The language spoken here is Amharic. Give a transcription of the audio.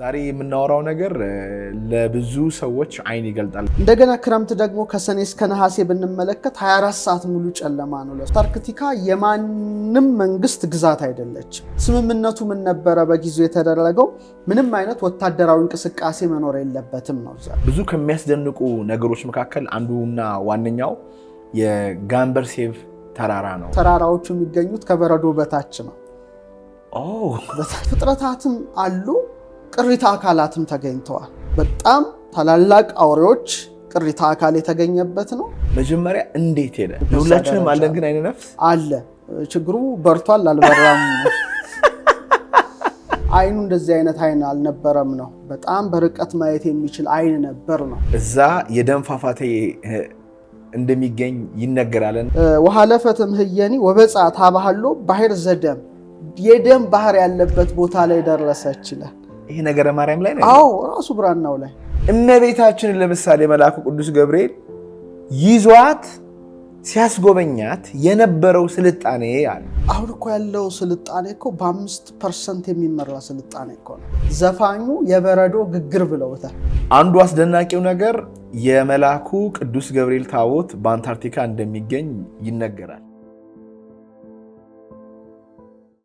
ዛሬ የምናወራው ነገር ለብዙ ሰዎች አይን ይገልጣል። እንደገና ክረምት ደግሞ ከሰኔ እስከ ነሐሴ ብንመለከት 24 ሰዓት ሙሉ ጨለማ ነው። አንታርክቲካ የማንም መንግስት ግዛት አይደለች ስምምነቱ ምን ነበረ? በጊዜው የተደረገው ምንም አይነት ወታደራዊ እንቅስቃሴ መኖር የለበትም ነው። ብዙ ከሚያስደንቁ ነገሮች መካከል አንዱና ዋነኛው የጋምበር ሴቭ ተራራ ነው። ተራራዎቹ የሚገኙት ከበረዶ በታች ነው። ፍጥረታትም አሉ ቅሪታ አካላትም ተገኝተዋል። በጣም ታላላቅ አውሬዎች ቅሪታ አካል የተገኘበት ነው። መጀመሪያ እንዴት ሄደ? ለሁላችንም አለን፣ ግን አይነ ነፍስ አለ። ችግሩ በርቷል አልበራም አይኑ እንደዚህ አይነት አይን አልነበረም ነው። በጣም በርቀት ማየት የሚችል አይን ነበር ነው። እዛ የደም ፏፏቴ እንደሚገኝ ይነገራለን። ወሃለፈ ህየኒ ወበፃ ታባህሎ ባህር ዘደም የደም ባህር ያለበት ቦታ ላይ ደረሰ ይችላል ይሄ ነገረ ማርያም ላይ ነው። አዎ ራሱ ብራናው ላይ እመቤታችንን ለምሳሌ መልአኩ ቅዱስ ገብርኤል ይዟት ሲያስጎበኛት የነበረው ስልጣኔ አለ። አሁን እኮ ያለው ስልጣኔ እኮ በአምስት ፐርሰንት የሚመራ ስልጣኔ እኮ ነው። ዘፋኙ የበረዶ ግግር ብለውታል። አንዱ አስደናቂው ነገር የመልአኩ ቅዱስ ገብርኤል ታቦት በአንታርክቲካ እንደሚገኝ ይነገራል።